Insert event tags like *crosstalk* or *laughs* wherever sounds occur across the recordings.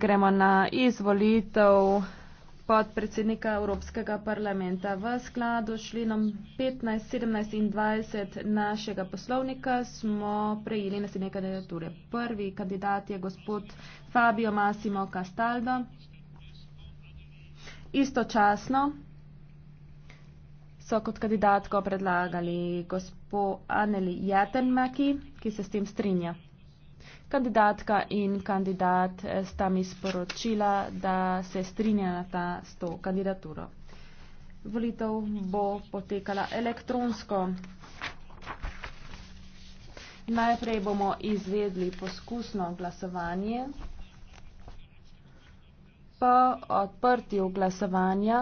Gremo na izvolitev podpredsednika Evropskega parlamenta. V skladu s členom 15, 17 in 20 našega poslovnika smo prejeli naslednje kandidature. Prvi kandidat je gospod Fabio Massimo Castaldo. Istočasno so kot kandidatko predlagali gospod Aneli Jatenmaki, ki se s tem strinja. Kandidatka in kandidat eh, sta mi sporočila, da se strinjata s to kandidaturo. Volitev bo potekala elektronsko. Najprej bomo izvedli poskusno glasovanje. Po odprtju glasovanja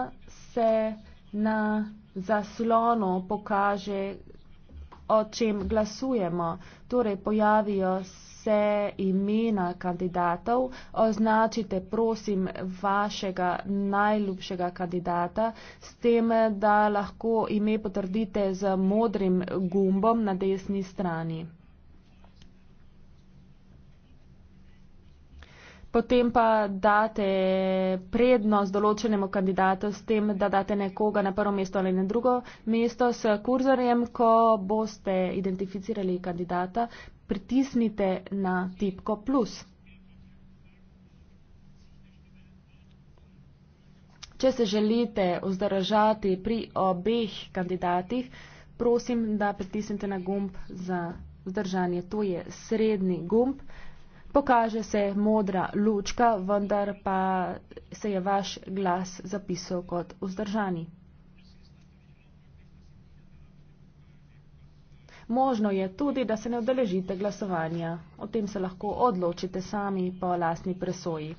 se na zaslonu pokaže, o čem glasujemo. Torej pojavijo se vse imena kandidatov, označite prosim vašega najljubšega kandidata s tem, da lahko ime potrdite z modrim gumbom na desni strani. Potem pa date prednost določenemu kandidatu s tem, da date nekoga na prvo mesto ali na drugo mesto s kurzorjem, ko boste identificirali kandidata, pritisnite na tipko plus. Če se želite vzdržati pri obeh kandidatih, prosim, da pritisnite na gumb za vzdržanje. To je srednji gumb. Pokaže se modra lučka, vendar pa se je vaš glas zapisal kot vzdržani. Možno je tudi, da se ne odeležite glasovanja. O tem se lahko odločite sami po lastni presoji.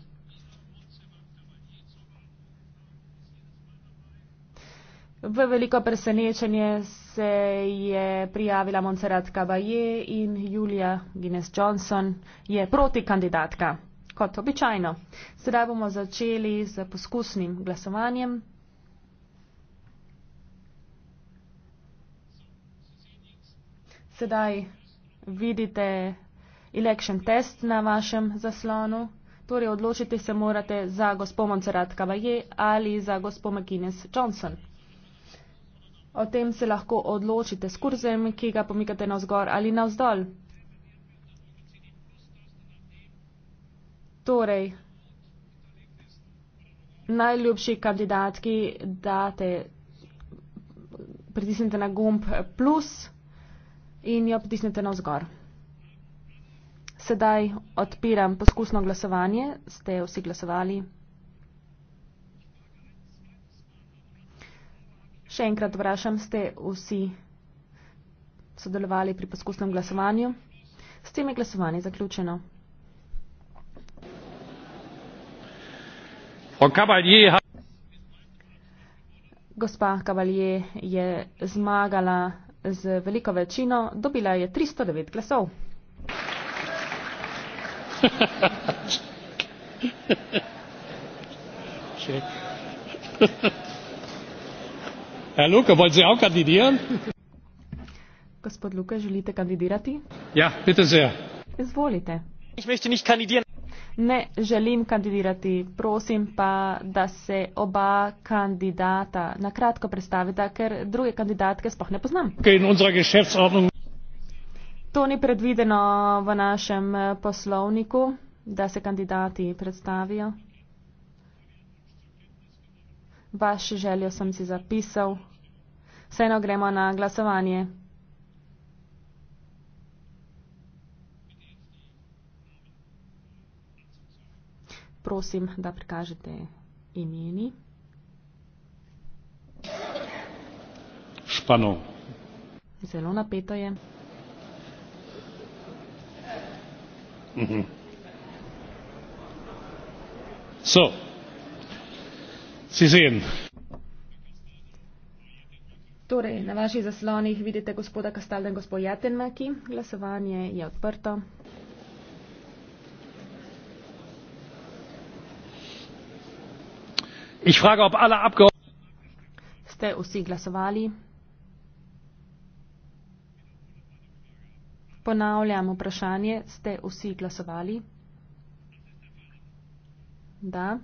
V veliko presenečenje se je prijavila Montserrat Caballé in Julia Guinness Johnson je proti kandidatka, kot običajno. Sedaj bomo začeli z poskusnim glasovanjem. sedaj vidite election test na vašem zaslonu. Torej, odločite se morate za gospod Montserrat Cavalier ali za gospod McGuinness Johnson. O tem se lahko odločite s kurzem, ki ga pomikate navzgor ali navzdol. Torej, najljubši kandidatki, date, pritisnite na gumb plus in jo pritisnete na vzgor. Sedaj odpiram poskusno glasovanje. Ste vsi glasovali? Še enkrat vprašam, ste vsi sodelovali pri poskusnem glasovanju? S tem je glasovanje zaključeno. Gospa Kavalje je zmagala z veliko večino, dobila je 309 glasov. *laughs* Eh, Luka, Gospod Luka, želite kandidirati? Ja, bitte sehr. Izvolite. Ich möchte nicht kandidieren ne želim kandidirati. Prosim pa, da se oba kandidata na kratko predstavita, ker druge kandidatke sploh ne poznam. Okay, to ni predvideno v našem eh, poslovniku, da se kandidati predstavijo. Vaš željo sem si zapisal. Vseeno gremo na glasovanje. prosim, da prikažete imeni. Španov. Zelo napeto je. Mhm. So, Cizen. Torej, na vaših zaslonih vidite gospoda Kastalden, gospod Jatenmaki. Glasovanje je odprto. Ich frage, ob alle ste vsi glasovali? Ponavljam vprašanje, ste vsi glasovali? Da.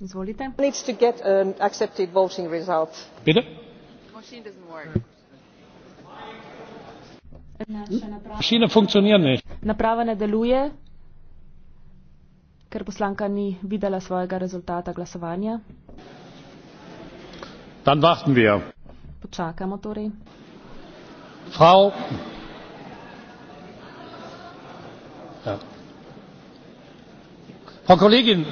Izvolite. Needs to get an accepted voting result. Bitte? Machine doesn't work. Naša naprava, Machine funktionira ne. Naprava ne deluje ker poslanka ni videla svojega rezultata glasovanja. Dan warten wir. Počakamo torej. Frau. Ja. Frau Kollegin.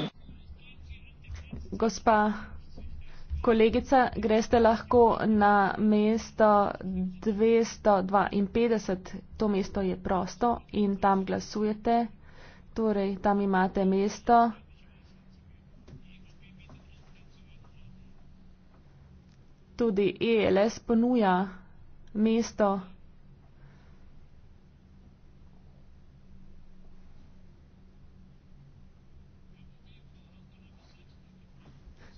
Gospa kolegica, greste lahko na mesto 252. To mesto je prosto in tam glasujete. Torej, tam imate mesto. Tudi ELS ponuja mesto.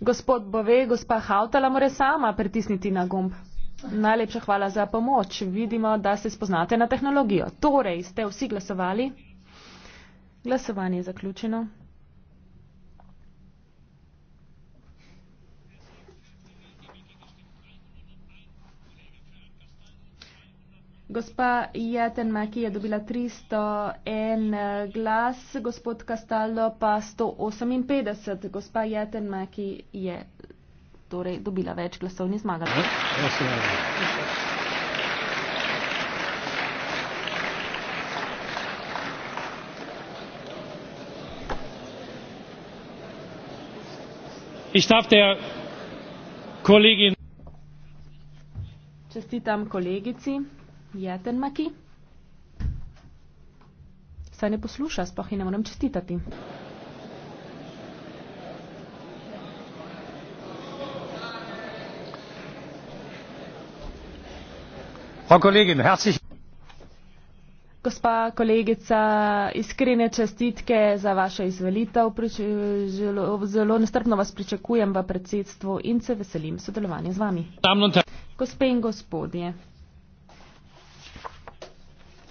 Gospod Bove, gospa Hautala more sama pritisniti na gumb. Najlepša hvala za pomoč. Vidimo, da se spoznate na tehnologijo. Torej, ste vsi glasovali? Glasovanje je zaključeno. Gospa Jeten Maki je dobila 301 eh, glas, gospod Kastaldo pa 158. Gospa Jeten Maki je torej dobila več glasov, ni zmagala. Ja, ja, ich darf der kollegin čestitam kolegici Jetenmaki. Saj ne posluša, sploh ji ne morem čestitati. Frau Kollegin, herzlichen gospa kolegica, iskrene čestitke za vašo izvelitev. Zelo nestrpno vas pričakujem v predsedstvu in se veselim sodelovanja z vami. Gospe in gospodje.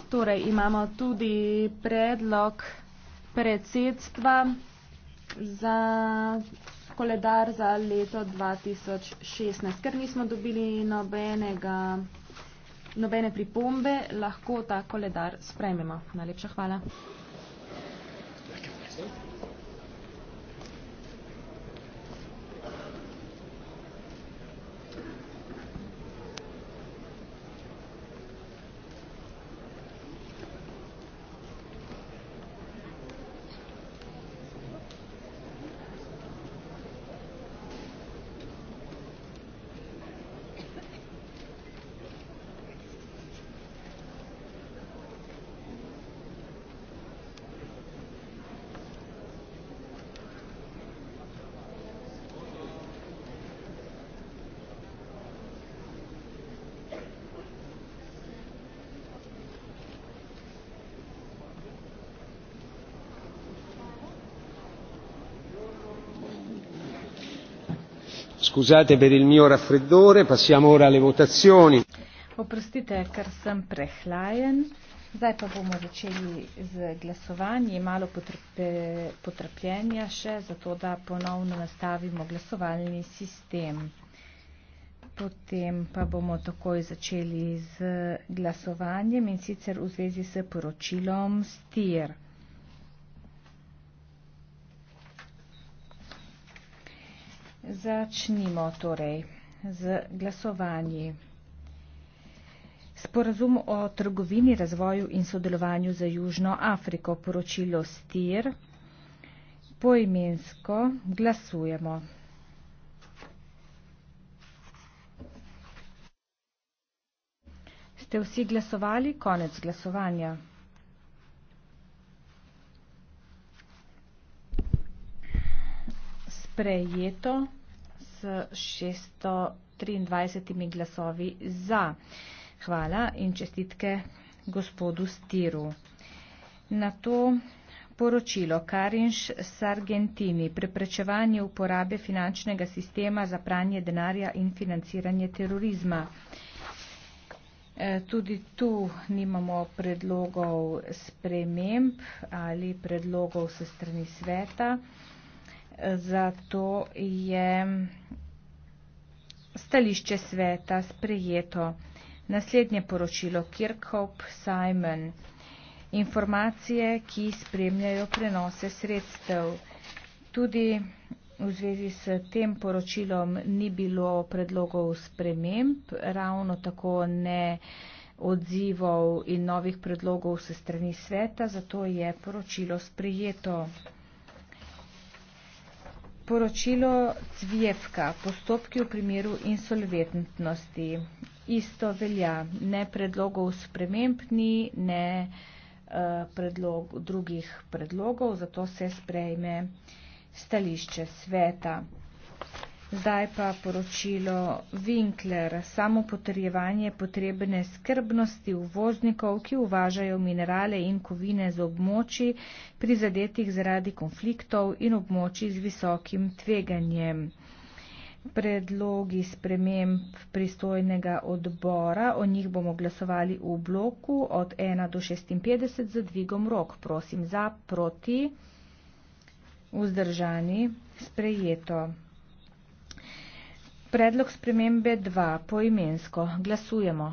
Torej imamo tudi predlog predsedstva za koledar za leto 2016, ker nismo dobili nobenega nobene pripombe, lahko ta koledar sprejmemo. Najlepša hvala. Thank you. scusate per il mio raffreddore, passiamo ora alle votazioni. Oprostite, ker sem prehlajen. Zdaj pa bomo začeli z glasovanjem. Malo potrpljenja še, zato da ponovno nastavimo glasovalni sistem. Potem pa bomo takoj začeli z glasovanjem in sicer v zvezi s poročilom STIR. Začnimo torej z glasovanji. Sporazum o trgovini, razvoju in sodelovanju za Južno Afriko, poročilo STIR. Poimensko glasujemo. Ste vsi glasovali? Konec glasovanja. sprejeto s 623 glasovi za. Hvala in čestitke gospodu Stiru. Na to poročilo Karinš Sargentini, preprečevanje uporabe finančnega sistema za pranje denarja in financiranje terorizma. E, tudi tu nimamo predlogov sprememb ali predlogov se strani sveta zato je stališče sveta sprejeto. Naslednje poročilo Kirkhope Simon. Informacije, ki spremljajo prenose sredstev. Tudi v zvezi s tem poročilom ni bilo predlogov sprememb, ravno tako ne odzivov in novih predlogov se strani sveta, zato je poročilo sprejeto poročilo Cvjevka, postopki v primeru insolventnosti. Isto velja, ne predlogov sprememb, ni ne eh, predlog, drugih predlogov, zato se sprejme stališče sveta. Zdaj pa poročilo Winkler, samo potrjevanje potrebne skrbnosti uvoznikov, ki uvažajo minerale in kovine z območji prizadetih zaradi konfliktov in območji z visokim tveganjem. Predlogi sprememb pristojnega odbora, o njih bomo glasovali v bloku od 1 do 56 za dvigom rok. Prosim za, proti, vzdržani, sprejeto. Predlog spremembe 2. Poimensko. Glasujemo.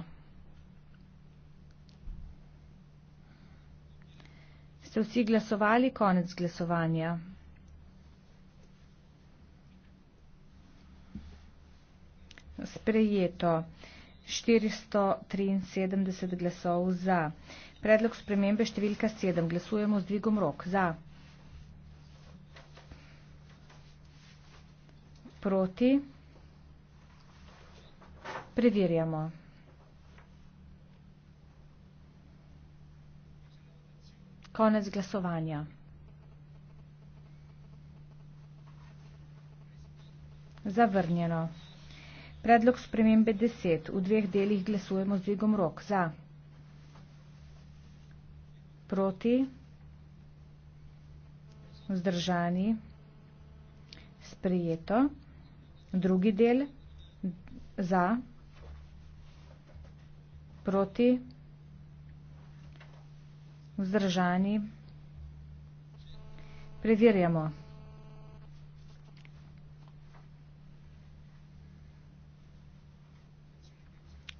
Ste vsi glasovali? Konec glasovanja. Sprejeto. 473 glasov za. Predlog spremembe številka 7. Glasujemo z dvigom rok. Za. Proti preverjamo. Konec glasovanja. Zavrnjeno. Predlog spremembe 10. V dveh delih glasujemo z dvigom rok. Za. Proti. Vzdržani. Sprejeto. Drugi del. Za. Za proti, vzdržani. Preverjamo.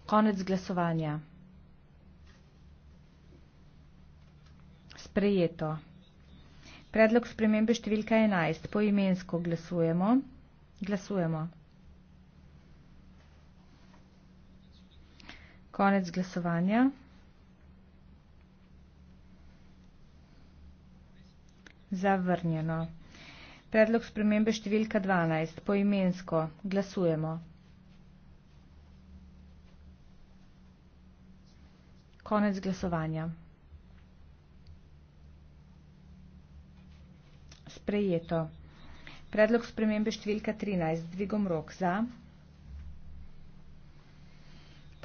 Konec glasovanja. Sprejeto. Predlog spremembe številka 11. Poimensko glasujemo. Glasujemo. konec glasovanja. Zavrnjeno. Predlog spremembe številka 12. Poimensko. Glasujemo. Konec glasovanja. Sprejeto. Predlog spremembe številka 13. Dvigom rok za.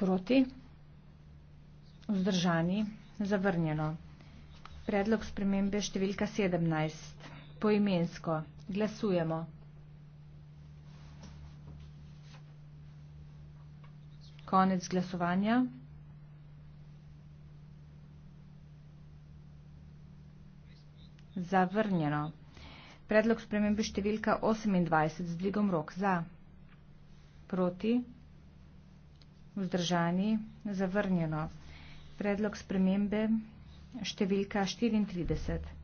Proti. Proti. Vzdržani. Zavrnjeno. Predlog spremembe številka 17. Poimensko. Glasujemo. Konec glasovanja. Zavrnjeno. Predlog spremembe številka 28. Z dvigom rok. Za. Proti. Vzdržani. Zavrnjeno. Zavrnjeno predlog spremembe številka 34.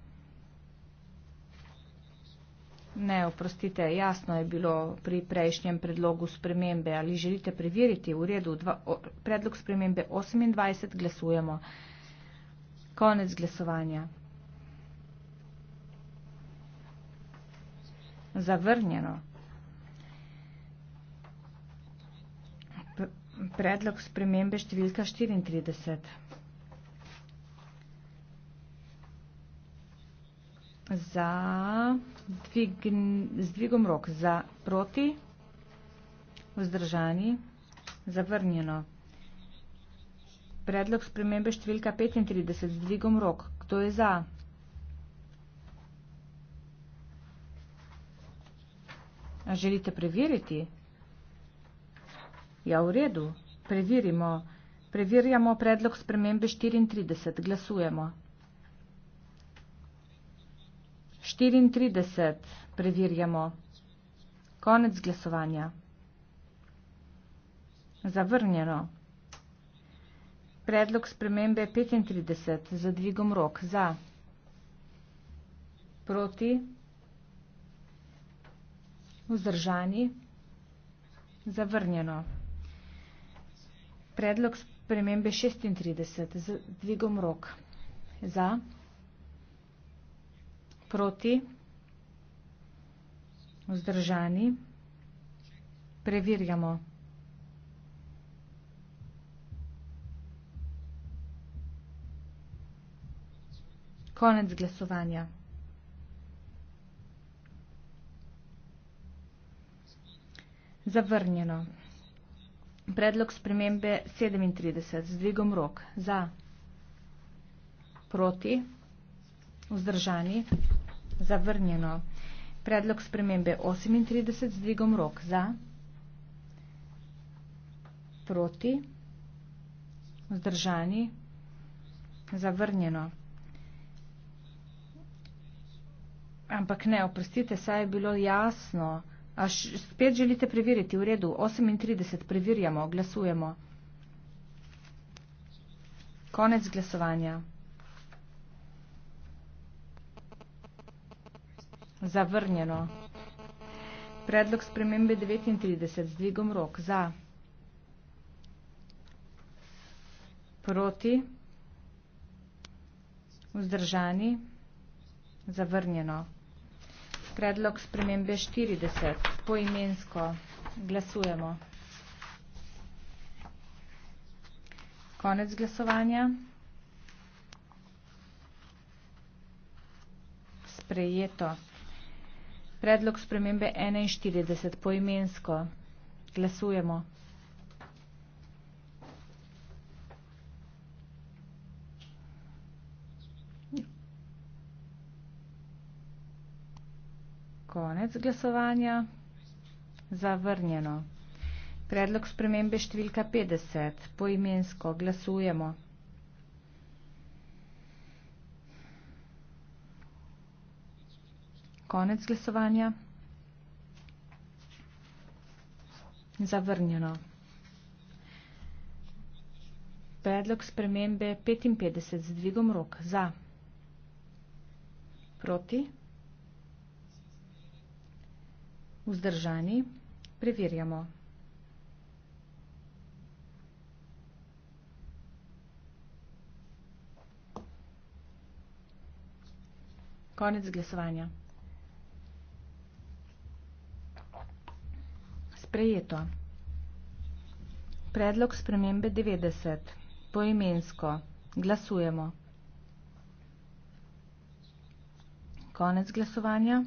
Ne, oprostite, jasno je bilo pri prejšnjem predlogu spremembe. Ali želite preveriti v redu dva, o, predlog spremembe 28? Glasujemo. Konec glasovanja. Zavrnjeno. predlog spremembe številka 34. Za dvig, z dvigom rok za proti, vzdržani, zavrnjeno. Predlog spremembe številka 35 z dvigom rok. Kdo je za? Želite preveriti? Ja, v redu. Preverimo. Preverjamo predlog spremembe 34. Glasujemo. 34. Preverjamo. Konec glasovanja. Zavrnjeno. Predlog spremembe 35. Zadvigom rok. Za. Proti. Vzdržani. Zavrnjeno predlog spremembe 36 z dvigom rok. Za, proti, vzdržani, preverjamo. Konec glasovanja. Zavrnjeno. Predlog spremembe 37 z dvigom rok za proti vzdržani zavrnjeno. Predlog spremembe 38 z dvigom rok za proti vzdržani zavrnjeno. Ampak ne, oprostite, saj je bilo jasno, A š, spet želite preveriti? V redu, 38, preverjamo, glasujemo. Konec glasovanja. Zavrnjeno. Predlog spremembe 39 z dvigom rok za. Proti. Vzdržani. Zavrnjeno predlog spremembe 40. Poimensko glasujemo. Konec glasovanja. Sprejeto. Predlog spremembe 41. Poimensko glasujemo. Konec glasovanja. Zavrnjeno. Predlog spremembe številka 50. Poimensko glasujemo. Konec glasovanja. Zavrnjeno. Predlog spremembe 55 z dvigom rok. Za. Proti. vzdržani, preverjamo. Konec glasovanja. Sprejeto. Predlog spremembe 90. Poimensko. Glasujemo. Konec glasovanja.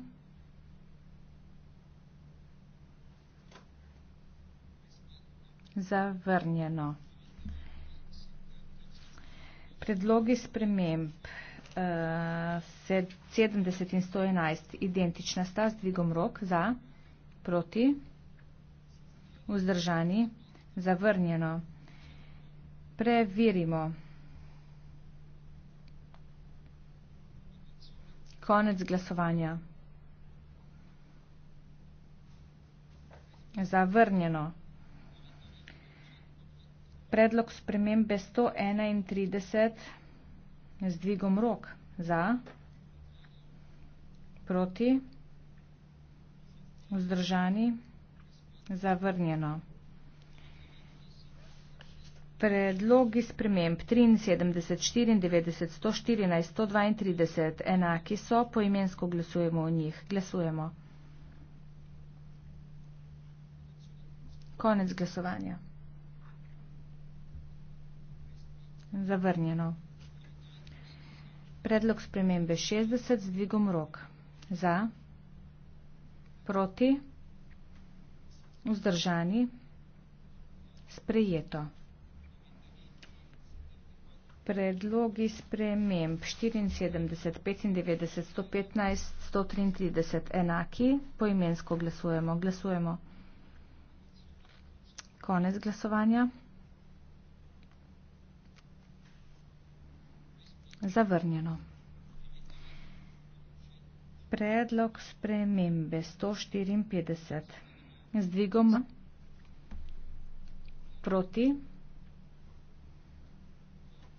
zavrnjeno. Predlogi sprememb uh, eh, 70 in 111 identična sta z dvigom rok za, proti, vzdržani, zavrnjeno. Preverimo. Konec glasovanja. Zavrnjeno predlog spremembe 131 z dvigom rok za, proti, vzdržani, zavrnjeno. Predlogi sprememb 73, 94, 114, 132 enaki so, poimensko glasujemo o njih. Glasujemo. Konec glasovanja. Zavrnjeno. Predlog spremembe 60 z dvigom rok. Za. Proti. Vzdržani. Sprejeto. Predlogi sprememb 74, 95, 115, 133 enaki. Poimensko glasujemo. Glasujemo. Konec glasovanja. zavrnjeno. Predlog spremembe 154 z dvigom proti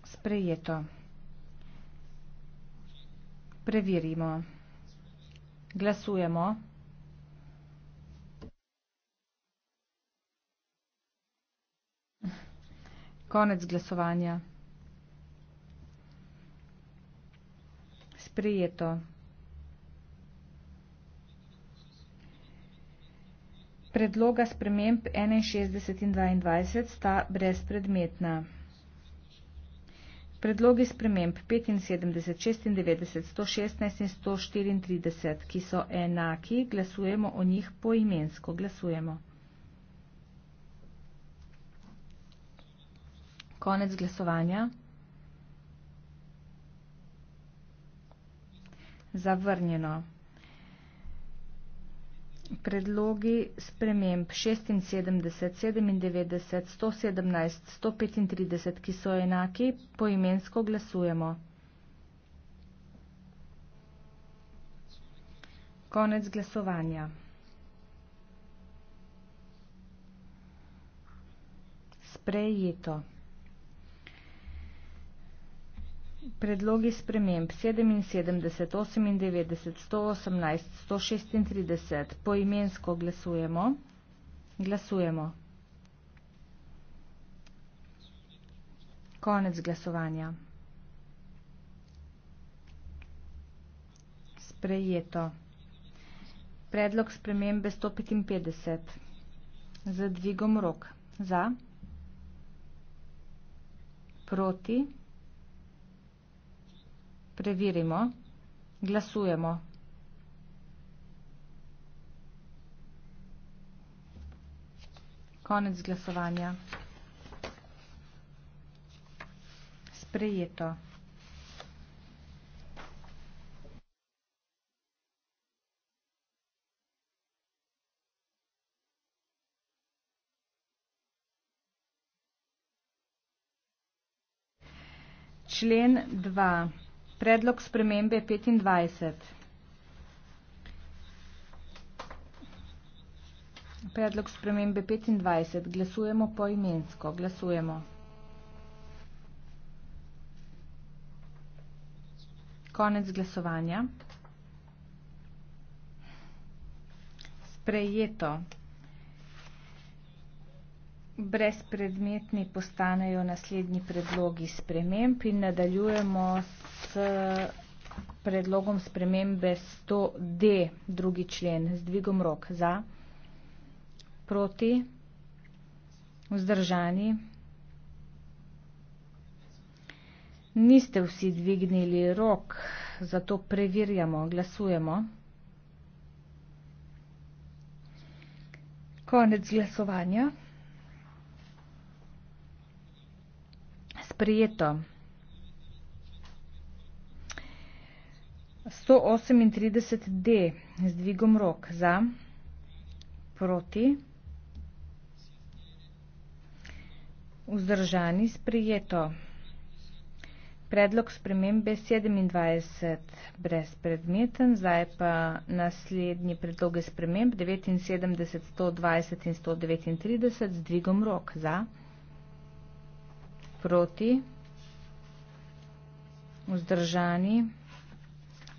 sprejeto. Preverimo. Glasujemo. Konec glasovanja. sprejeto. Predloga sprememb 61 in 22 sta brezpredmetna. Predlogi sprememb 75, 96, 116 in 134, ki so enaki, glasujemo o njih poimensko. Glasujemo. Konec glasovanja. zavrnjeno. Predlogi sprememb 76, 97, 117, 135, ki so enaki, poimensko glasujemo. Konec glasovanja. Sprejeto. predlogi sprememb 77, 98, 118, 136 poimensko glasujemo. Glasujemo. Konec glasovanja. Sprejeto. Predlog spremembe 155. Za dvigom rok. Za. Proti. Proti. Preverimo. Glasujemo. Konec glasovanja. Sprejeto. Člen 2. Predlog spremembe 25. Predlog spremembe 25. Glasujemo po imensko. Glasujemo. Konec glasovanja. Sprejeto. Brezpredmetni postanejo naslednji predlogi sprememb in nadaljujemo s predlogom spremembe 100D, drugi člen, z dvigom rok za, proti, vzdržani. Niste vsi dvignili rok, zato preverjamo, glasujemo. Konec glasovanja. Sprijeto. 138D z dvigom rok za, proti, vzdržani, sprijeto. Predlog spremembe 27 brezpredmeten, zdaj pa naslednji predloge sprememb 79, 120 in 139 z dvigom rok za, proti, vzdržani, sprijeto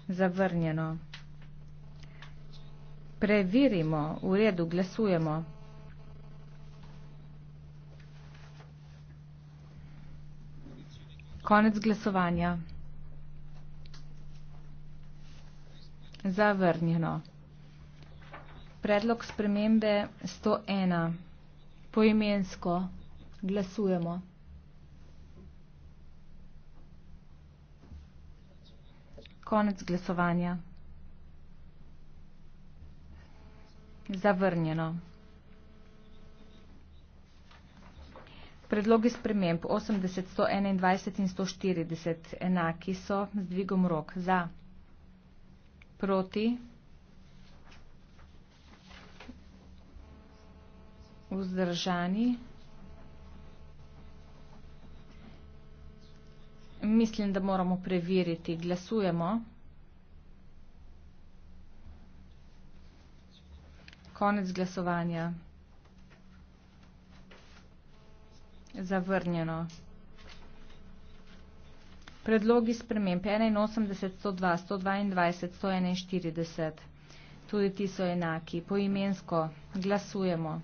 zavrnjeno. Preverimo, v redu glasujemo. Konec glasovanja. Zavrnjeno. Predlog spremembe 101. Poimensko glasujemo. konec glasovanja. Zavrnjeno. Predlogi sprememb 80, 121 in 140 enaki so z dvigom rok za, proti, vzdržani. Mislim, da moramo preveriti. Glasujemo. Konec glasovanja. Zavrnjeno. Predlogi spremembe 81, 102, 122, 141. Tudi ti so enaki. Poimensko glasujemo.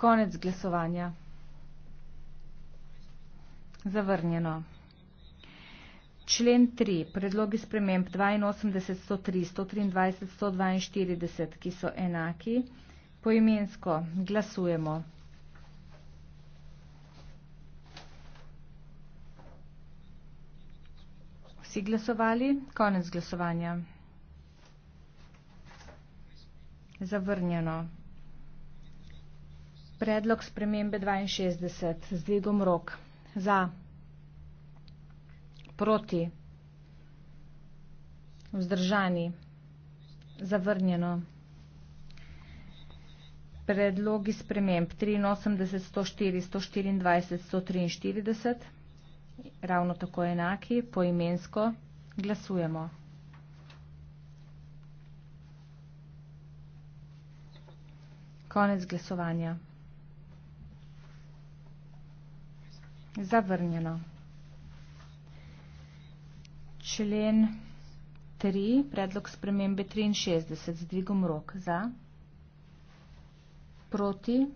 Konec glasovanja. Zavrnjeno. Člen 3. Predlogi sprememb 82, 103, 123, 142, ki so enaki, poimensko glasujemo. Vsi glasovali? Konec glasovanja. Zavrnjeno predlog spremembe 62 z dvigom rok za proti vzdržani zavrnjeno predlogi sprememb 83, 104, 124, 143 ravno tako enaki poimensko glasujemo konec glasovanja Zavrnjeno. Člen 3, predlog spremembe 63, z dvigom rok. Za. Proti.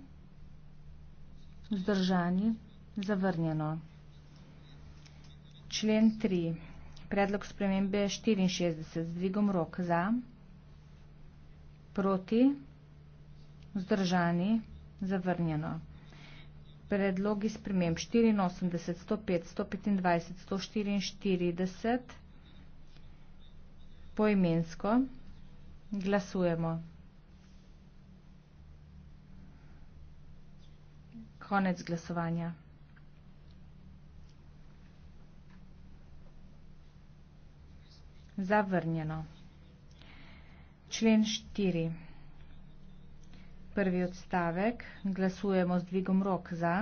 Zdržani. Zavrnjeno. Člen 3, predlog spremembe 64, z dvigom rok. Za. Proti. Zdržani. Zavrnjeno. Zavrnjeno predlogi sprememb 84, 105, 125, 144 poimensko glasujemo. Konec glasovanja. Zavrnjeno. Člen 4 prvi odstavek. Glasujemo z dvigom rok za.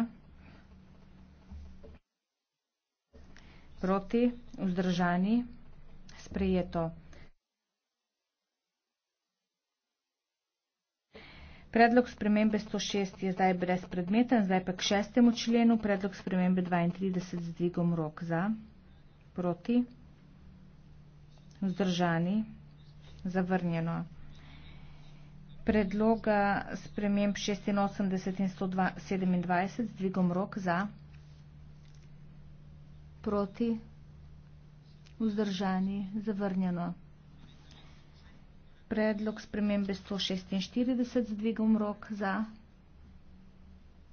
Proti, vzdržani, sprejeto. Predlog spremembe 106 je zdaj brezpredmeten, zdaj pa k šestemu členu predlog spremembe 32 z dvigom rok za, proti, vzdržani, zavrnjeno predloga sprememb 86 in 127 z dvigom rok za, proti, vzdržani, zavrnjeno. Predlog spremembe 146 z dvigom rok za,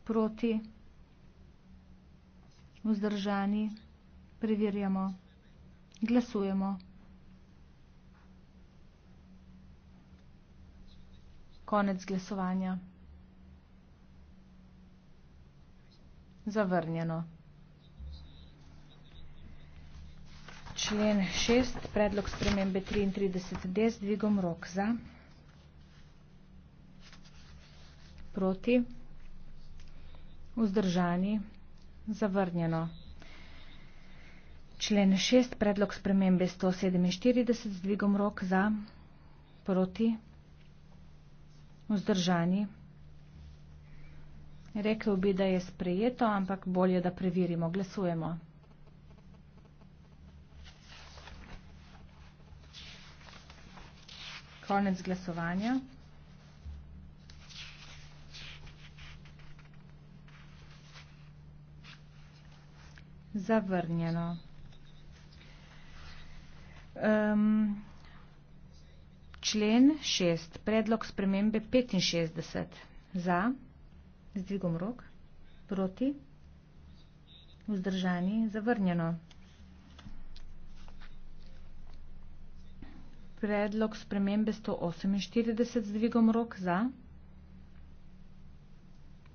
proti, vzdržani, preverjamo, glasujemo. Konec glasovanja. Zavrnjeno. Člen 6, predlog spremembe 33D, dvigom rok za. Proti. Vzdržani. Zavrnjeno. Člen 6, predlog spremembe 147, dvigom rok za. Proti. Proti vzdržani. Rekel bi, da je sprejeto, ampak bolje, da preverimo. Glasujemo. Konec glasovanja. Zavrnjeno. Um, člen 6, predlog spremembe 65. Za, z dvigom rok, proti, vzdržani, zavrnjeno. Predlog spremembe 148 z dvigom rok za,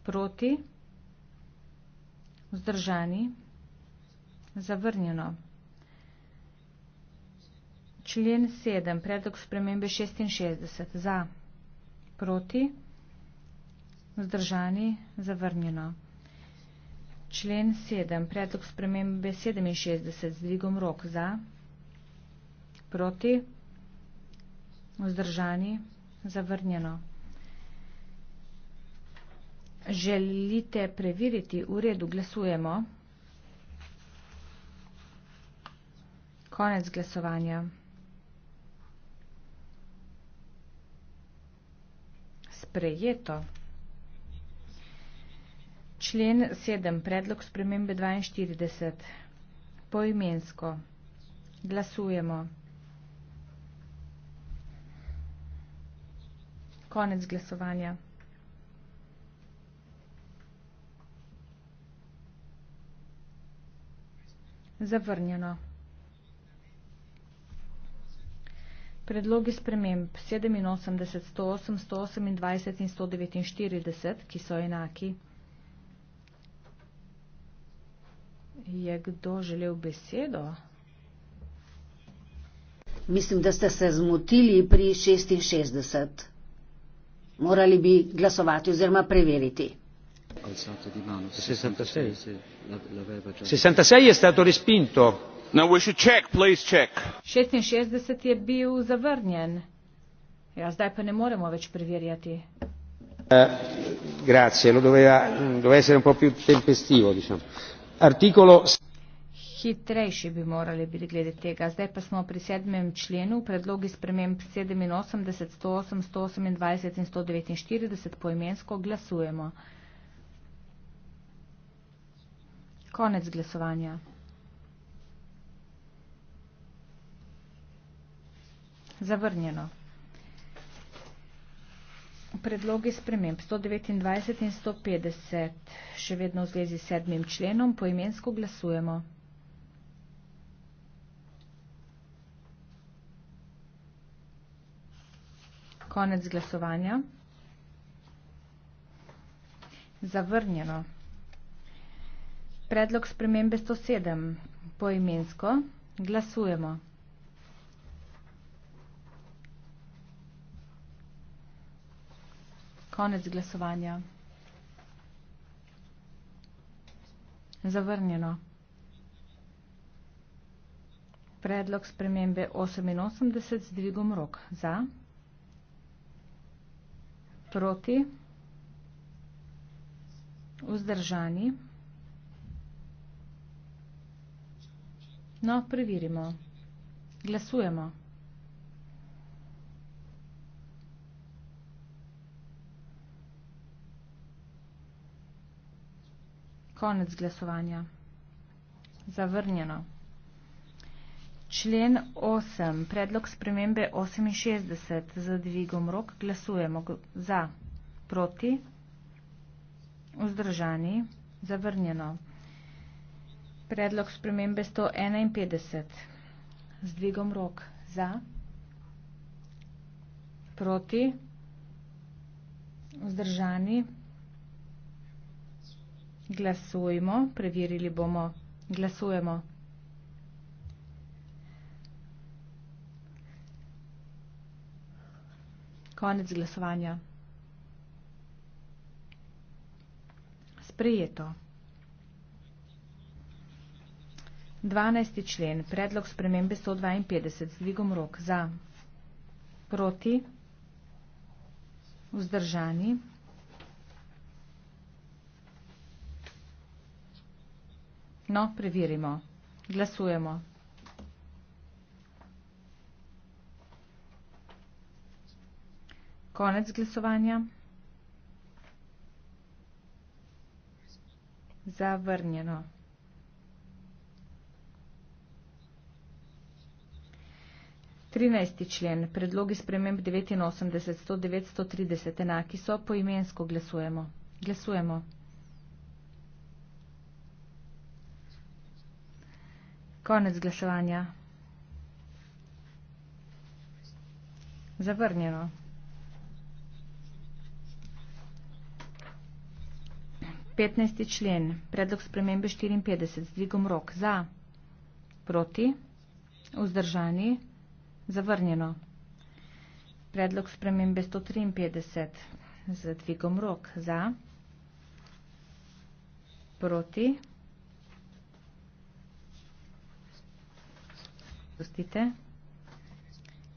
proti, vzdržani, zavrnjeno. Člen 7. Predlog spremembe 66. Za. Proti. Zdržani. Zavrnjeno. Člen 7. Predlog spremembe 67. Zdvigom rok. Za. Proti. Zdržani. Zavrnjeno. Želite preveriti? V redu glasujemo. Konec glasovanja. sprejeto. Člen 7. Predlog spremembe 42. Poimensko. Glasujemo. Konec glasovanja. Zavrnjeno. Predlogi sprememb 87, 108, 128 in 149, ki so enaki. Je kdo želel besedo? Mislim, da ste se zmotili pri 66. Morali bi glasovati oziroma preveriti. 66 je stato respinto. Now we should check, please check. 66 je bil zavrnjen. Ja, zdaj pa ne moremo več preverjati. Uh, grazie, lo doveva, doveva essere un po' più tempestivo, diciamo. Articolo... Hitrejši bi morali biti glede tega. Zdaj pa smo pri sedmem členu, predlogi sprememb 87, 108, 128 in 149 poimensko glasujemo. Konec glasovanja. zavrnjeno. Predlogi sprememb 129 in 150 še vedno v zvezi s sedmim členom poimensko glasujemo. Konec glasovanja. Zavrnjeno. Predlog spremembe 107. Poimensko glasujemo. Konec glasovanja. Zavrnjeno. Predlog spremembe 88 z dvigom rok. Za. Proti. Vzdržani. No, preverimo. Glasujemo. Glasujemo. konec glasovanja. Zavrnjeno. Člen 8. Predlog spremembe 68 za dvigom rok. Glasujemo za, proti, vzdržani, zavrnjeno. Predlog spremembe 151 z dvigom rok za, proti, vzdržani, zavrnjeno. Glasujmo, preverili bomo. Glasujemo. Konec glasovanja. Sprejeto. 12. člen. Predlog spremembe 152. Z dvigom rok. Za. Proti. Vzdržani. Vzdržani. No, preverimo. Glasujemo. Konec glasovanja. Zavrnjeno. Trinajsti člen. Predlogi sprememb 89, 100, 930 enaki so. Poimensko glasujemo. Glasujemo. Konec glasovanja. Zavrnjeno. Petnesti člen. Predlog spremembe 54. Zdvigom rok. Za. Proti. Vzdržani. Zavrnjeno. Predlog spremembe 153. Zdvigom rok. Za. Proti. Proti. Pustite.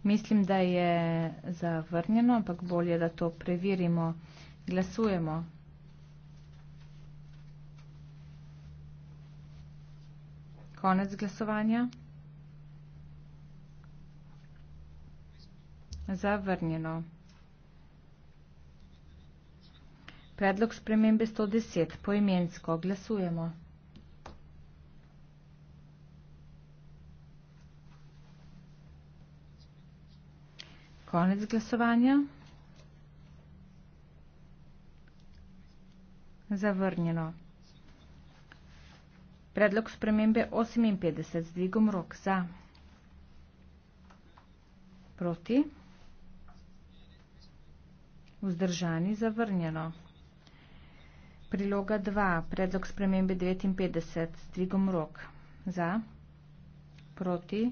Mislim, da je zavrnjeno, ampak bolje, da to preverimo. Glasujemo. Konec glasovanja. Zavrnjeno. Predlog spremembe 110. Poimensko glasujemo. Konec glasovanja. Zavrnjeno. Predlog spremembe 58 z dvigom rok za. Proti. Vzdržani zavrnjeno. Priloga 2. Predlog spremembe 59 z dvigom rok za. Proti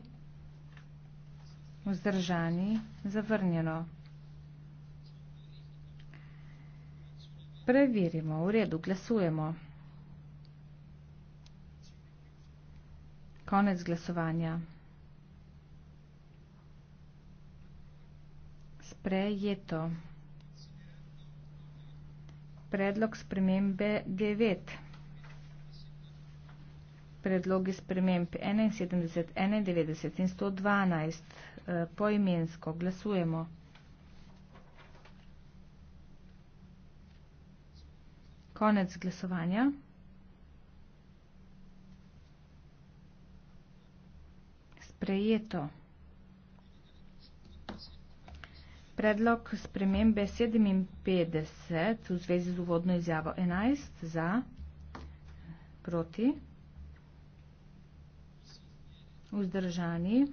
vzdržani, zavrnjeno. Preverimo, v redu, glasujemo. Konec glasovanja. Sprejeto. Predlog spremembe 9. Predlogi spremembe 71, 91 in 112. Eh, poimensko. Glasujemo. Konec glasovanja. Sprejeto. Predlog spremembe 57 v zvezi z uvodno izjavo 11 za proti vzdržani.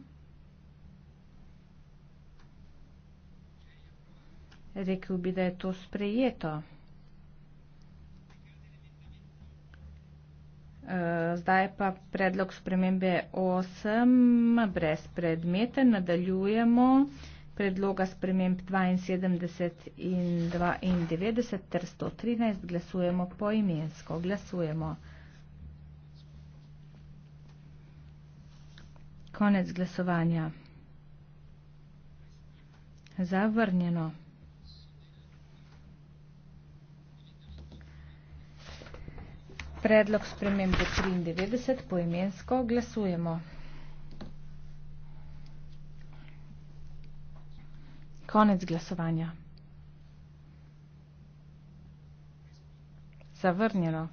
rekel bi, da je to sprejeto. E, zdaj pa predlog spremembe 8 brez predmeta. Nadaljujemo predloga sprememb 72 in 92 ter 113. Glasujemo poimensko. Glasujemo. Konec glasovanja. Zavrnjeno. Predlog spremembe 93 poimensko glasujemo. Konec glasovanja. Zavrnjeno.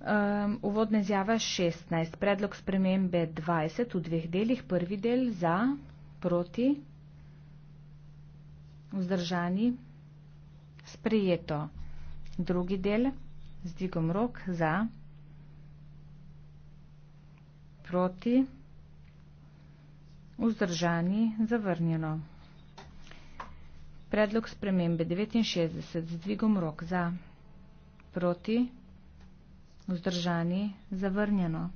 Um, ehm, uvodne zjava 16. Predlog spremembe 20 v dveh delih. Prvi del za, proti, vzdržani, sprejeto drugi del z dvigom rok za proti vzdržani zavrnjeno. Predlog spremembe 69 z dvigom rok za proti vzdržani zavrnjeno.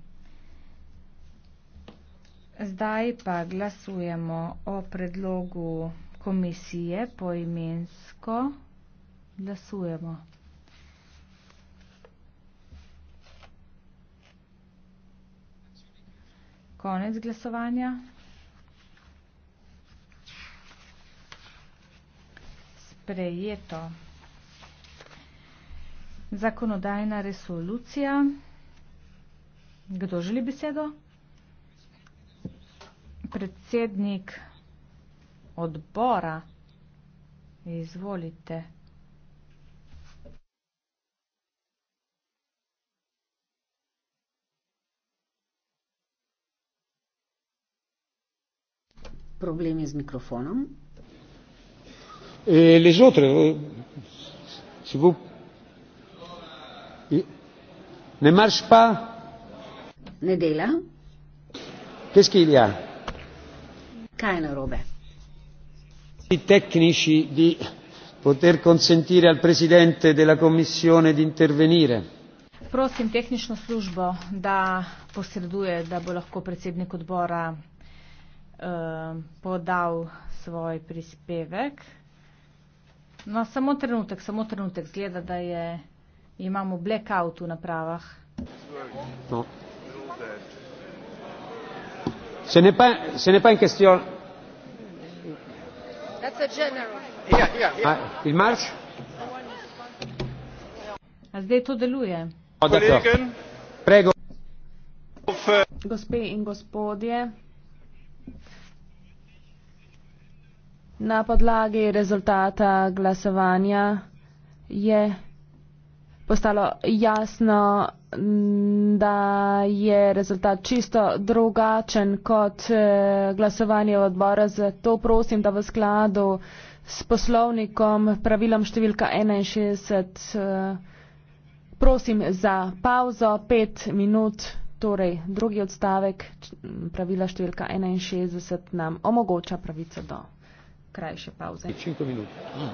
Zdaj pa glasujemo o predlogu komisije poimensko glasujemo. konec glasovanja. Sprejeto. Zakonodajna resolucija. Kdo želi besedo? Predsednik odbora. Izvolite. Izvolite. problemi z mikrofonom. Eh, les autres, eh, si vous... Ne marche pas? Ne dela. Qu'est-ce qu'il y a? Kaj je narobe? I tecnici di poter consentire al presidente della commissione di intervenire. Prosim tehnično službo, da posreduje, da bo lahko predsednik odbora Eh, podal svoj prispevek. No, samo trenutek, samo trenutek. Zgleda, da je, imamo blackout v napravah. No. Ce n'est pas, ce n'est pas une question. That's a general. Yeah, yeah, yeah. Ah, il marche. A zdaj to deluje. Oh, Prego. Eh, Gospe in gospodje, Na podlagi rezultata glasovanja je postalo jasno, da je rezultat čisto drugačen kot eh, glasovanje odbora. Zato prosim, da v skladu s poslovnikom, pravilom številka 61, eh, prosim za pauzo 5 minut. Torej, drugi odstavek pravila številka 61 nam omogoča pravico do krajše pauze. 5 minut. Mm.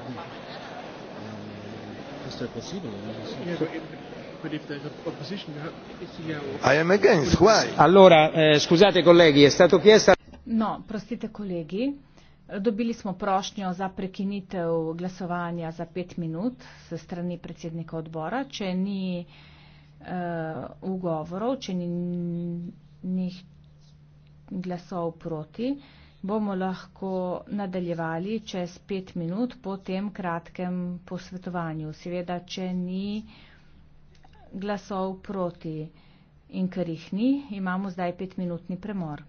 I am against. Why? Allora, eh, scusate colleghi, è stato chiesto... No, prostite colleghi, dobili smo prošnjo za prekinitev glasovanja za pet minut s strani predsednika odbora. Če ni eh, ugovorov, če ni njih glasov proti, eh, bomo lahko nadaljevali čez pet minut po tem kratkem posvetovanju. Seveda, če ni glasov proti in ker jih ni, imamo zdaj petminutni premor.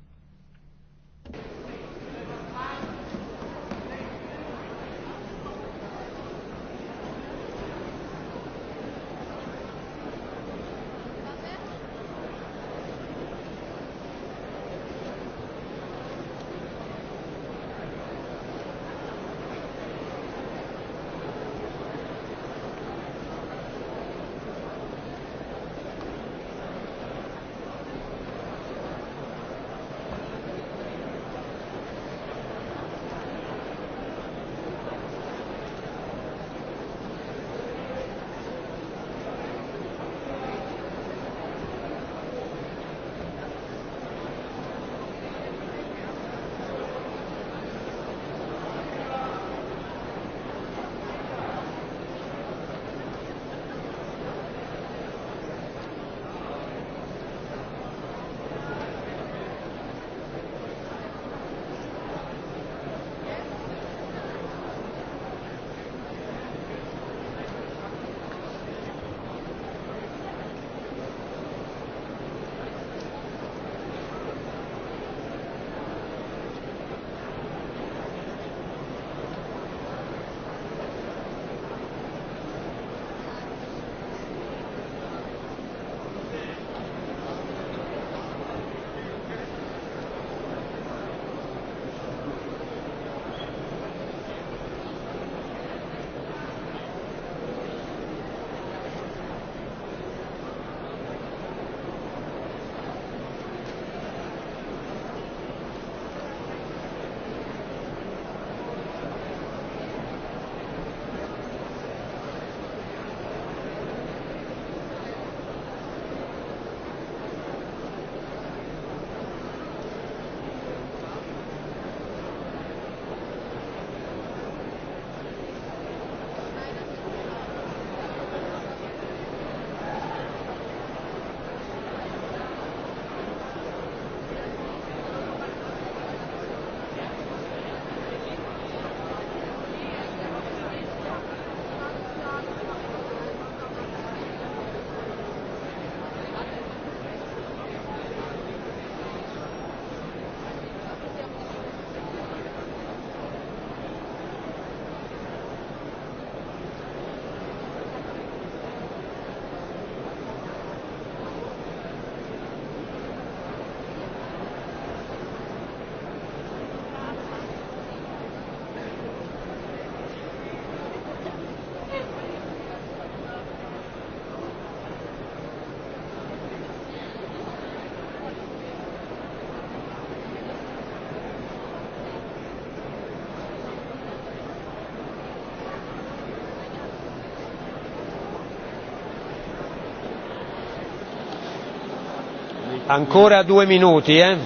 Ancora due minuti, eh?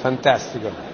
Fantastico.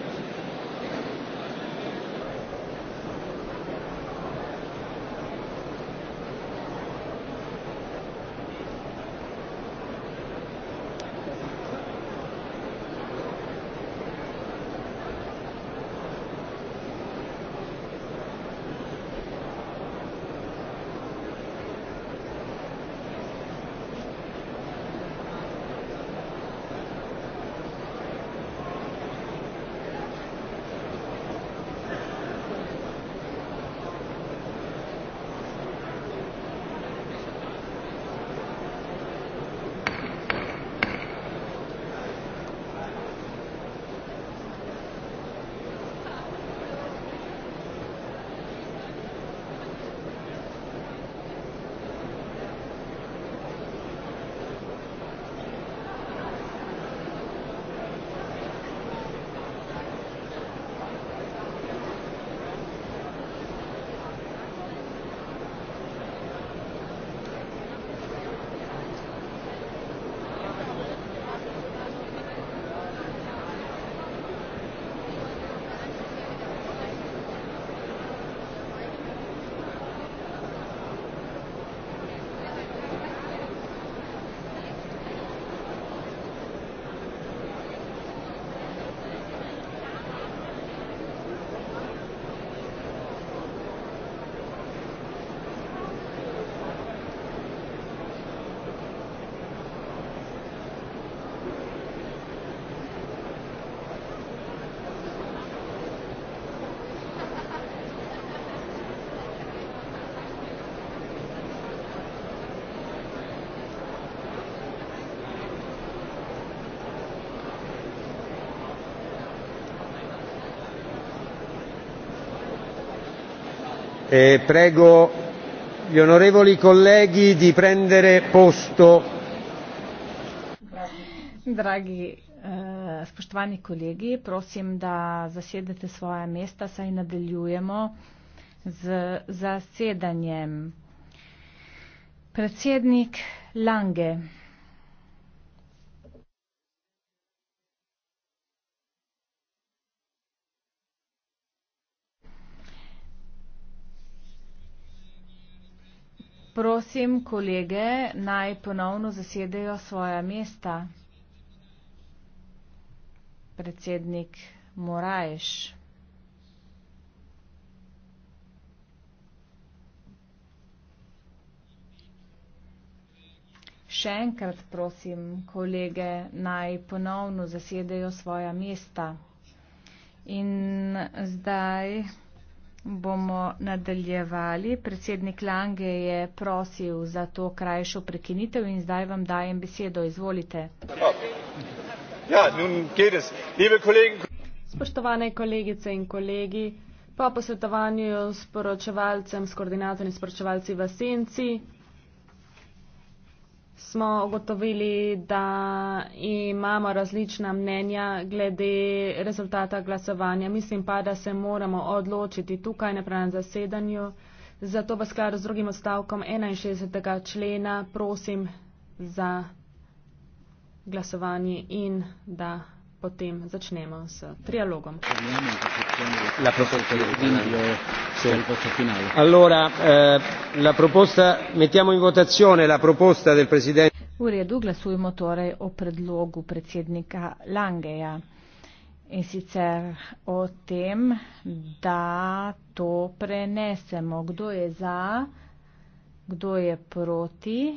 E prego gli onorevoli colleghi di prendere posto. Dragi eh, spoštovani kolegi, prosim, da zasedete svoje mesta, saj nadaljujemo z zasedanjem. Predsednik Lange. Prosim kolege, naj ponovno zasedejo svoja mesta. Predsednik Morajš. Še enkrat prosim kolege, naj ponovno zasedejo svoja mesta. In zdaj bomo nadaljevali. Predsednik Lange je prosil za to krajšo prekinitev in zdaj vam dajem besedo. Izvolite. Ja, Spoštovane kolegice in kolegi, po posvetovanju s poročevalcem, s koordinatorjem sporočevalci v Senci, smo ugotovili, da imamo različna mnenja glede rezultata glasovanja. Mislim pa, da se moramo odločiti tukaj na pravem zasedanju. Zato v skladu z drugim odstavkom 61. člena prosim za glasovanje in da potem začnemo s trialogom. La proposta del rinvio sì. per il voto finale. Allora, eh, la proposta, mettiamo in votazione la proposta del Presidente. V redu glasujemo torej o predlogu predsednika Langeja in sicer o tem, da to prenesemo. Kdo je za, kdo je proti?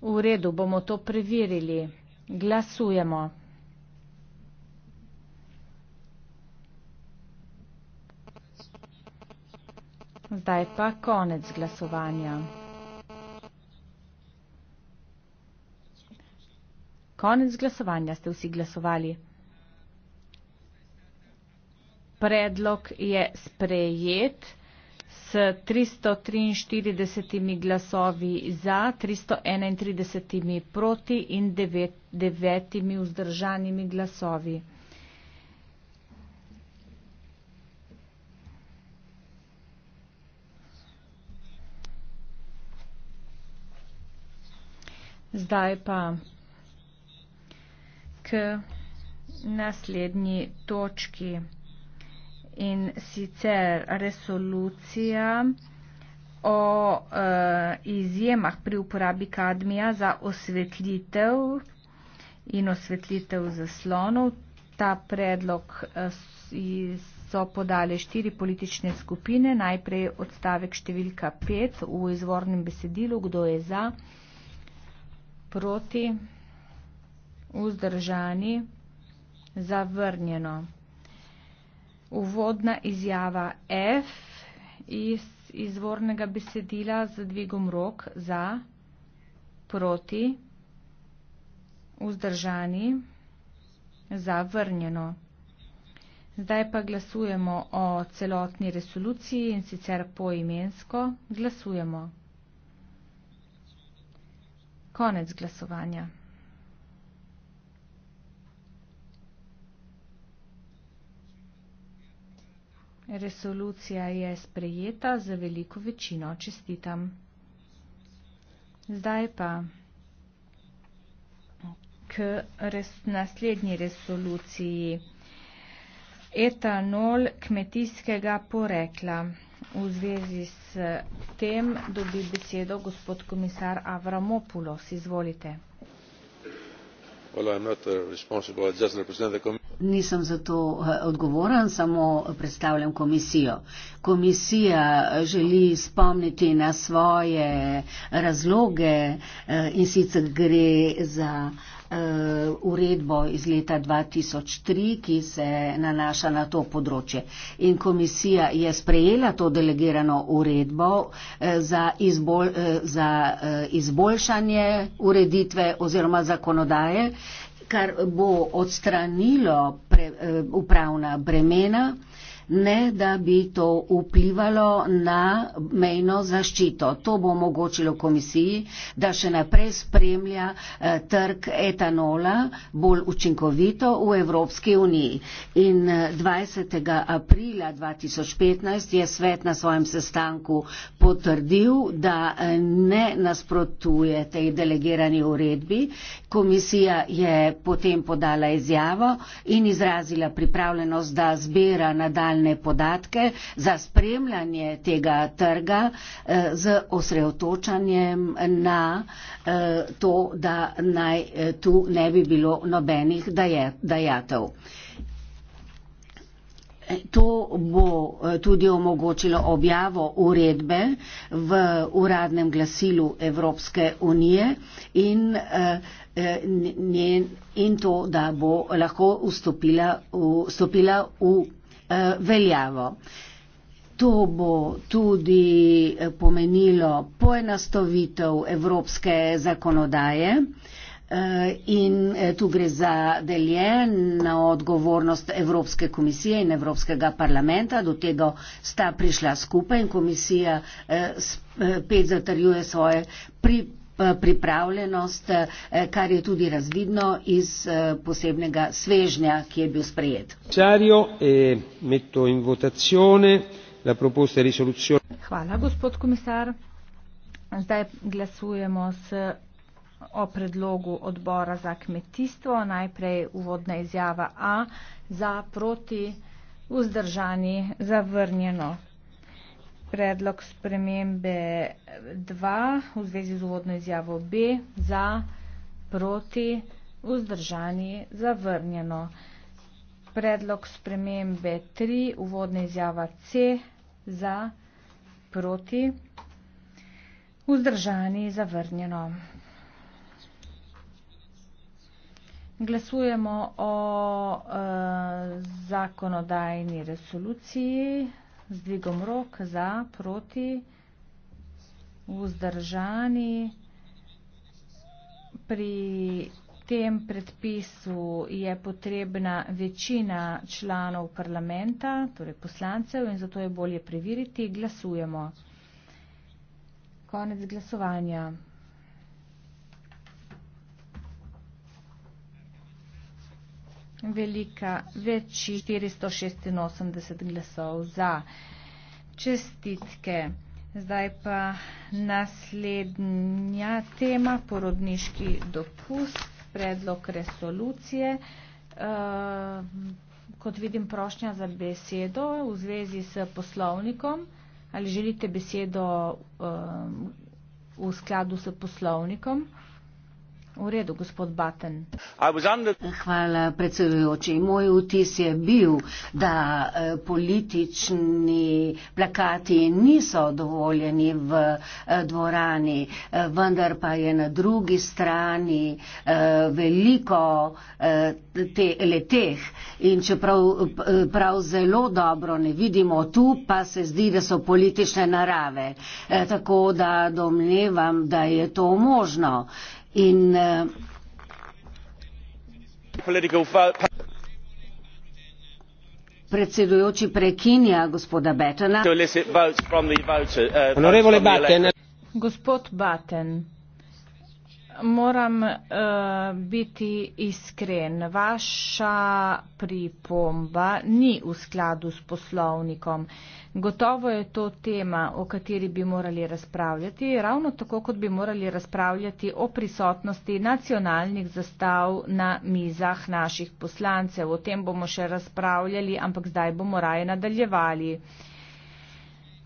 V redu bomo to preverili. Glasujemo. Zdaj pa konec glasovanja. Konec glasovanja ste vsi glasovali. Predlog je sprejet. 343 glasovi za, 331 proti in 9, 9 vzdržanimi glasovi. Zdaj pa k naslednji točki in sicer resolucija o e, izjemah pri uporabi kadmija za osvetlitev in osvetlitev zaslonov. Ta predlog eh, so podale štiri politične skupine. Najprej odstavek številka 5 v izvornem besedilu, kdo je za, proti, vzdržani, zavrnjeno uvodna izjava F iz izvornega besedila z dvigom rok za, proti, vzdržani, zavrnjeno. Zdaj pa glasujemo o celotni resoluciji in sicer poimensko glasujemo. Konec glasovanja. Resolucija je sprejeta z veliko večino. Čestitam. Zdaj pa k res, naslednji resoluciji. Etanol kmetijskega porekla. V zvezi s tem dobi besedo gospod komisar Avramopoulos. Izvolite. Well, nisem za to eh, odgovoren, samo predstavljam komisijo. Komisija eh, želi spomniti na svoje eh, razloge in sicer gre za uredbo iz leta 2003, ki se nanaša na to področje. In komisija je sprejela to delegirano uredbo za, izbol, za izboljšanje ureditve oziroma zakonodaje kar bo odstranilo pre, eh, upravna bremena ne da bi to vplivalo na mejno zaščito. To bo omogočilo komisiji, da še naprej spremlja eh, trg etanola bolj učinkovito v Evropski uniji. In 20. Eh, aprila 2015 je svet na svojem sestanku potrdil, da eh, ne nasprotuje tej delegirani uredbi. Komisija je potem podala izjavo in izrazila pripravljenost, da zbira nadaljne realne podatke za spremljanje tega trga eh, z osredotočanjem na eh, to, da naj eh, tu ne bi bilo nobenih dajatev. To bo tudi omogočilo objavo uredbe v uradnem glasilu Evropske unije in, in to, da bo lahko vstopila v, vstopila v Eh, veljavo. To bo tudi eh, pomenilo poenostavitev evropske zakonodaje eh, in tu gre za deljeno odgovornost Evropske komisije in Evropskega parlamenta. Do tega sta prišla skupaj in komisija spet zatrjuje svoje pripravljanje Eh, pripravljenost, eh, kar je tudi razvidno iz eh, posebnega svežnja, ki je bil sprejet. Hvala, gospod komisar. Zdaj glasujemo s, o predlogu odbora za kmetijstvo. Najprej uvodna izjava A za proti vzdržani zavrnjeno predlog spremembe 2 v zvezi z uvodno izjavo B za, proti, vzdržani, zavrnjeno. Predlog spremembe 3 uvodna izjava C za, proti, vzdržani, zavrnjeno. Glasujemo o e, zakonodajni resoluciji z dvigom rok za, proti, vzdržani. Pri tem predpisu je potrebna večina članov parlamenta, torej poslancev, in zato je bolje preveriti. Glasujemo. Konec glasovanja. velika več 486 glasov za čestitke. Zdaj pa naslednja tema, porodniški dopust, predlog resolucije. E, kot vidim prošnja za besedo v zvezi s poslovnikom. Ali želite besedo e, v skladu s poslovnikom? E, V redu, gospod Baten. Under... Hvala, predsedujoči. Moj vtis je bil, da eh, politični plakati niso dovoljeni v eh, dvorani, eh, vendar pa je na drugi strani veliko te, leteh in čeprav prav zelo dobro ne vidimo tu, pa se zdi, da so politične narave. Tako da domnevam, da je to možno in eh, predsedujoči prekinja gospoda Bettena. Uh, Gospod Batten, Moram uh, biti iskren. Vaša pripomba ni v skladu s poslovnikom. Gotovo je to tema, o kateri bi morali razpravljati, ravno tako, kot bi morali razpravljati o prisotnosti nacionalnih zastav na mizah naših poslancev. O tem bomo še razpravljali, ampak zdaj bomo raje nadaljevali. Uh,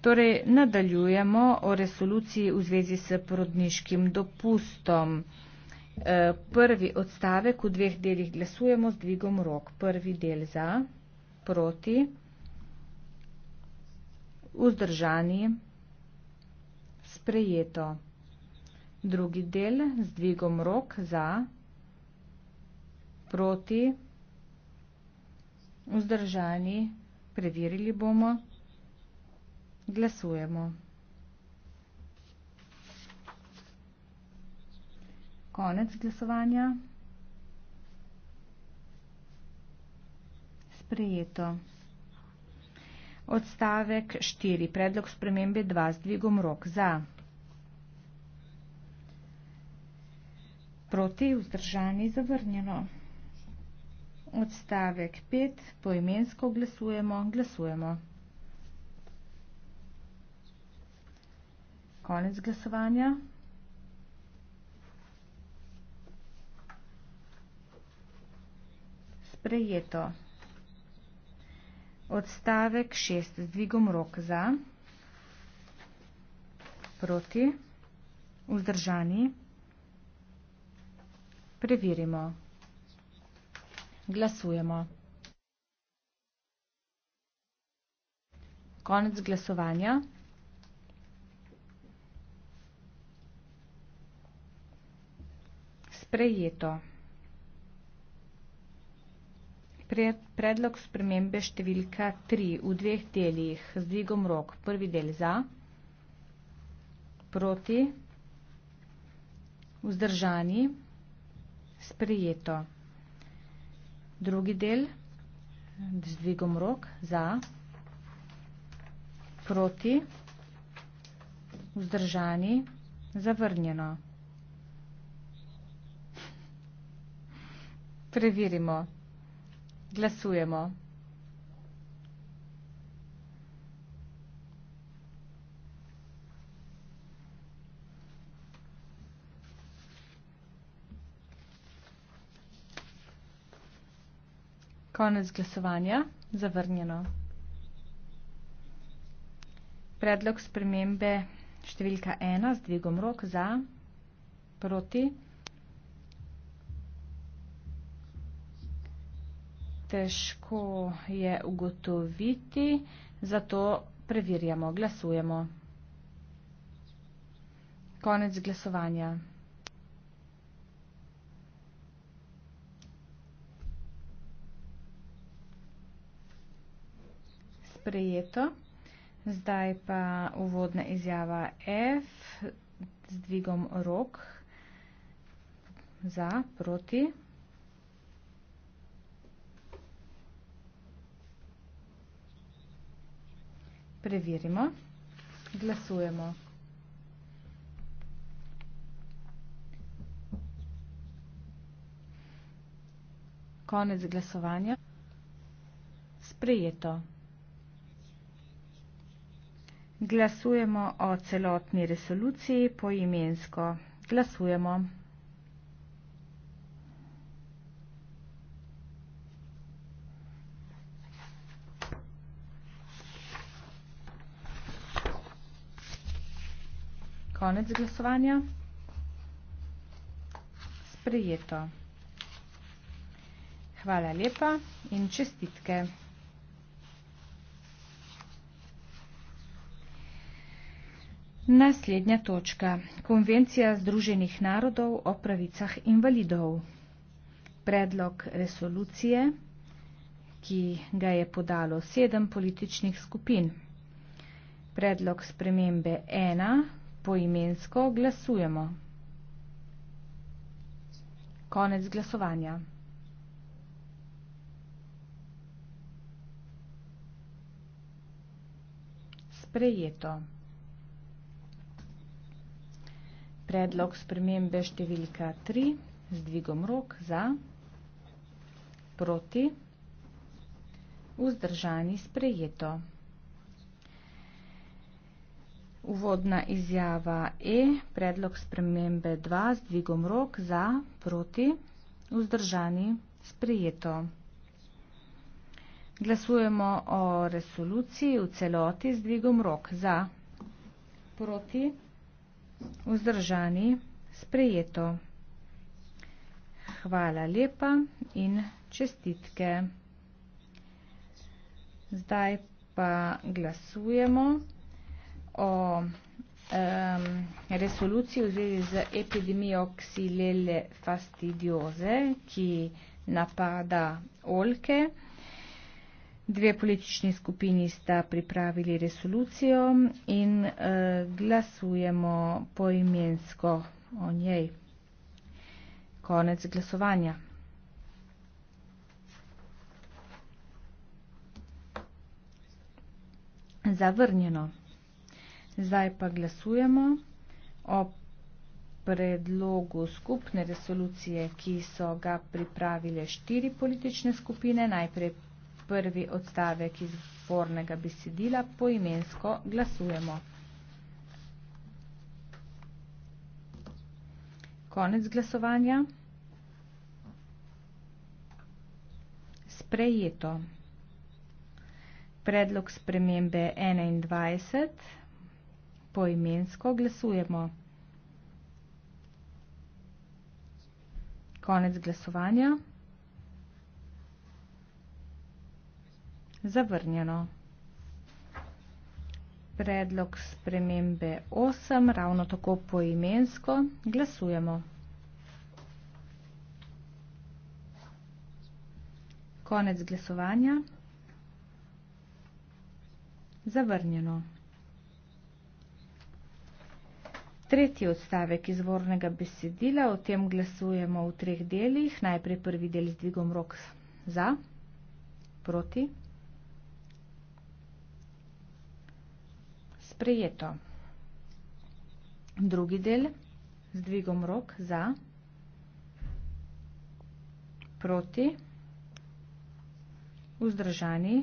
Torej, nadaljujemo o resoluciji v zvezi s porodniškim dopustom. E, prvi odstavek v dveh delih glasujemo z dvigom rok. Prvi del za, proti, vzdržani, sprejeto. Drugi del z dvigom rok za, proti, vzdržani, preverili bomo. Glasujemo. Konec glasovanja. Sprejeto. Odstavek 4. Predlog spremembe 2 z dvigom rok za. Proti vzdržani zavrnjeno. Odstavek 5. Poimensko glasujemo. Glasujemo. konec glasovanja. Sprejeto. Odstavek 6. Zdvigom rok za. Proti. Vzdržani. Preverimo. Glasujemo. Konec glasovanja. sprejeto. Predlog spremembe številka 3 v dveh delih z dvigom rok. Prvi del za, proti, vzdržani, sprejeto. Drugi del z dvigom rok za, proti, vzdržani, zavrnjeno. Preverimo. Glasujemo. Konec glasovanja. Zavrnjeno. Predlog spremembe številka 1 z dvigom rok za proti. težko je ugotoviti, zato preverjamo, glasujemo. Konec glasovanja. Sprejeto. Zdaj pa uvodna izjava F z dvigom rok za proti. Preverimo. Glasujemo. Konec glasovanja. Sprejeto. Glasujemo o celotni resoluciji poimensko. Glasujemo. Konec glasovanja. Sprejeto. Hvala lepa in čestitke. Naslednja točka. Konvencija Združenih narodov o pravicah invalidov. Predlog resolucije, ki ga je podalo sedem političnih skupin. Predlog spremembe 1 poimensko glasujemo. Konec glasovanja. Sprejeto. Predlog spremembe številka 3 z dvigom rok za, proti, vzdržani sprejeto. Uvodna izjava E, predlog spremembe 2 z dvigom rok za, proti, vzdržani, sprejeto. Glasujemo o resoluciji v celoti z dvigom rok za, proti, vzdržani, sprejeto. Hvala lepa in čestitke. Zdaj pa glasujemo o um, resoluciji v zvezi z epidemijo ksilele fastidioze, ki napada oljke. Dve politični skupini sta pripravili resolucijo in uh, glasujemo poimensko o njej. Konec glasovanja. Zavrnjeno. Zdaj pa glasujemo o predlogu skupne resolucije, ki so ga pripravile štiri politične skupine. Najprej prvi odstavek izvornega besedila poimensko glasujemo. Konec glasovanja. Sprejeto. Predlog spremembe 21 poimensko glasujemo. Konec glasovanja. Zavrnjeno. Predlog spremembe 8, ravno tako poimensko, glasujemo. Konec glasovanja. Zavrnjeno. Tretji odstavek izvornega besedila, o tem glasujemo v treh delih. Najprej prvi del z dvigom rok za, proti. Sprejeto. Drugi del z dvigom rok za, proti. Vzdržani.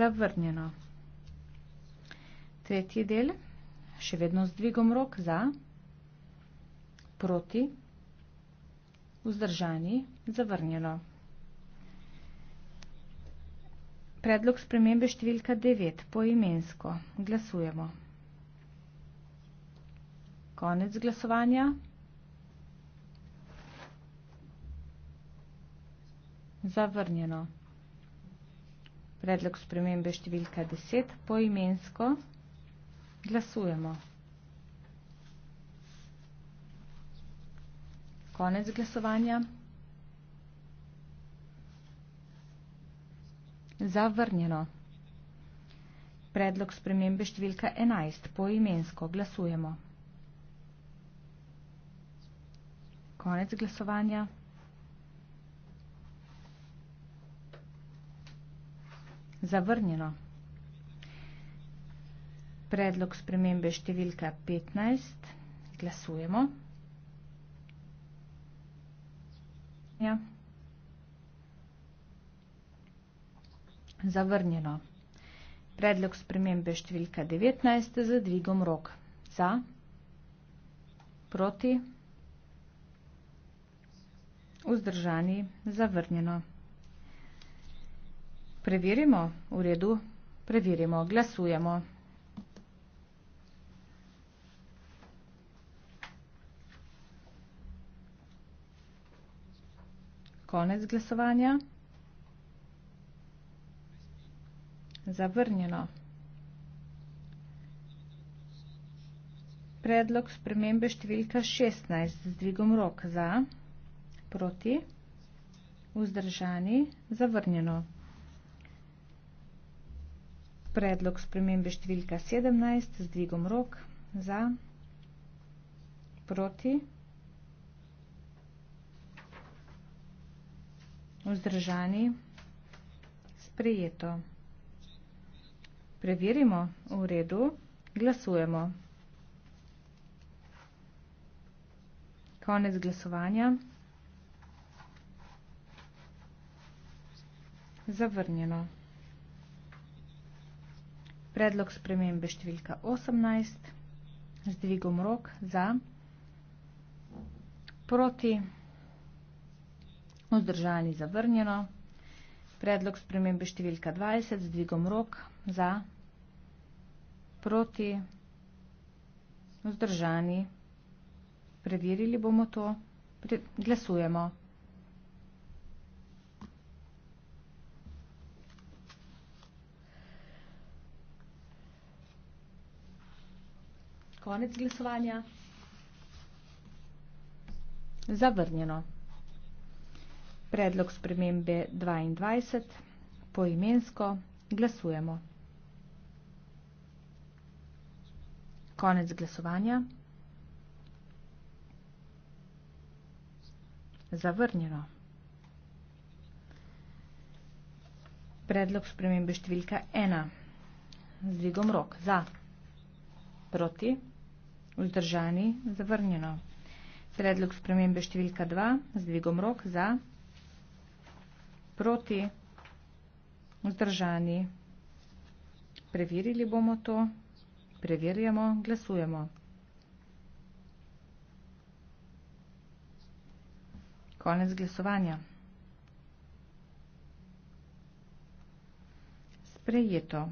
Zavrnjeno. Tretji del še vedno z dvigom rok za, proti, vzdržani, zavrnjeno. Predlog spremembe številka 9, poimensko. Glasujemo. Konec glasovanja. Zavrnjeno. Predlog spremembe številka 10, poimensko. Zavrnjeno. Glasujemo. Konec glasovanja. Zavrnjeno. Predlog spremembe številka 11. Poimensko glasujemo. Konec glasovanja. Zavrnjeno predlog spremembe številka 15. Glasujemo. Ja. Zavrnjeno. Predlog spremembe številka 19 za dvigom rok. Za. Proti. Vzdržani. Zavrnjeno. Preverimo. V redu. Preverimo. Glasujemo. Glasujemo. konec glasovanja. Zavrnjeno. Predlog spremembe številka 16 z dvigom rok za, proti, vzdržani, zavrnjeno. Predlog spremembe številka 17 z dvigom rok za, proti, vzdržani. vzdržani, sprejeto. Preverimo v redu, glasujemo. Konec glasovanja. Zavrnjeno. Predlog spremembe številka 18. Zdvigom rok za. Proti vzdržani zavrnjeno. Predlog spremembe številka 20 z dvigom rok za proti vzdržani. Preverili bomo to. Glasujemo. Konec glasovanja. Zavrnjeno predlog spremembe 22 poimensko glasujemo. Konec glasovanja. Zavrnjeno. Predlog spremembe številka 1. Zdvigom rok. Za. Proti. Vzdržani. Zavrnjeno. Predlog spremembe številka 2. Zdvigom rok. Za. Zdvigom rok proti vzdržani. Preverili bomo to. Preverjamo, glasujemo. Konec glasovanja. Sprejeto.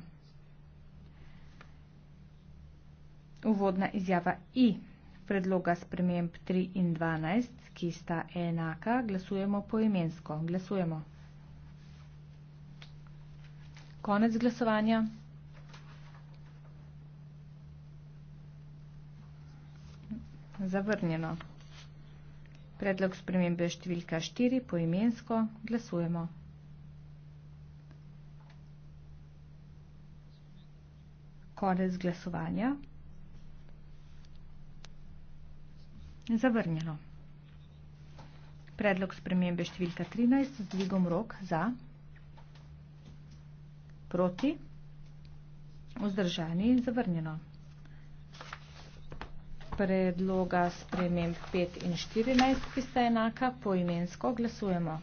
Uvodna izjava I predloga sprememb 3 in 12, ki sta enaka, glasujemo poimensko. Glasujemo. Glasujemo konec glasovanja. Zavrnjeno. Predlog spremembe številka 4 poimensko glasujemo. Konec glasovanja. Zavrnjeno. Predlog spremembe številka 13 z dvigom rok za proti, vzdržani in zavrnjeno. Predloga sprememb 5 in 14, ki sta enaka, poimensko glasujemo.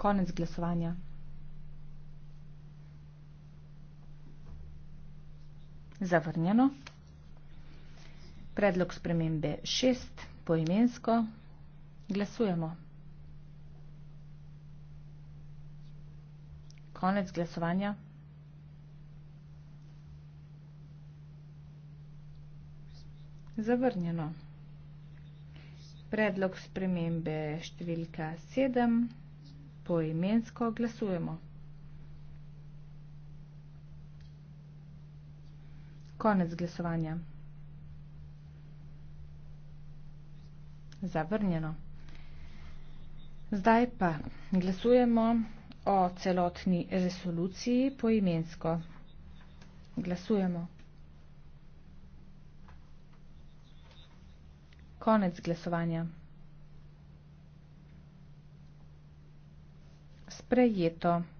Konec glasovanja. Zavrnjeno. Predlog spremembe 6, poimensko glasujemo. konec glasovanja. Zavrnjeno. Predlog spremembe številka 7. Poimensko glasujemo. Konec glasovanja. Zavrnjeno. Zdaj pa glasujemo o celotni resoluciji poimensko. Glasujemo. Konec glasovanja. Sprejeto.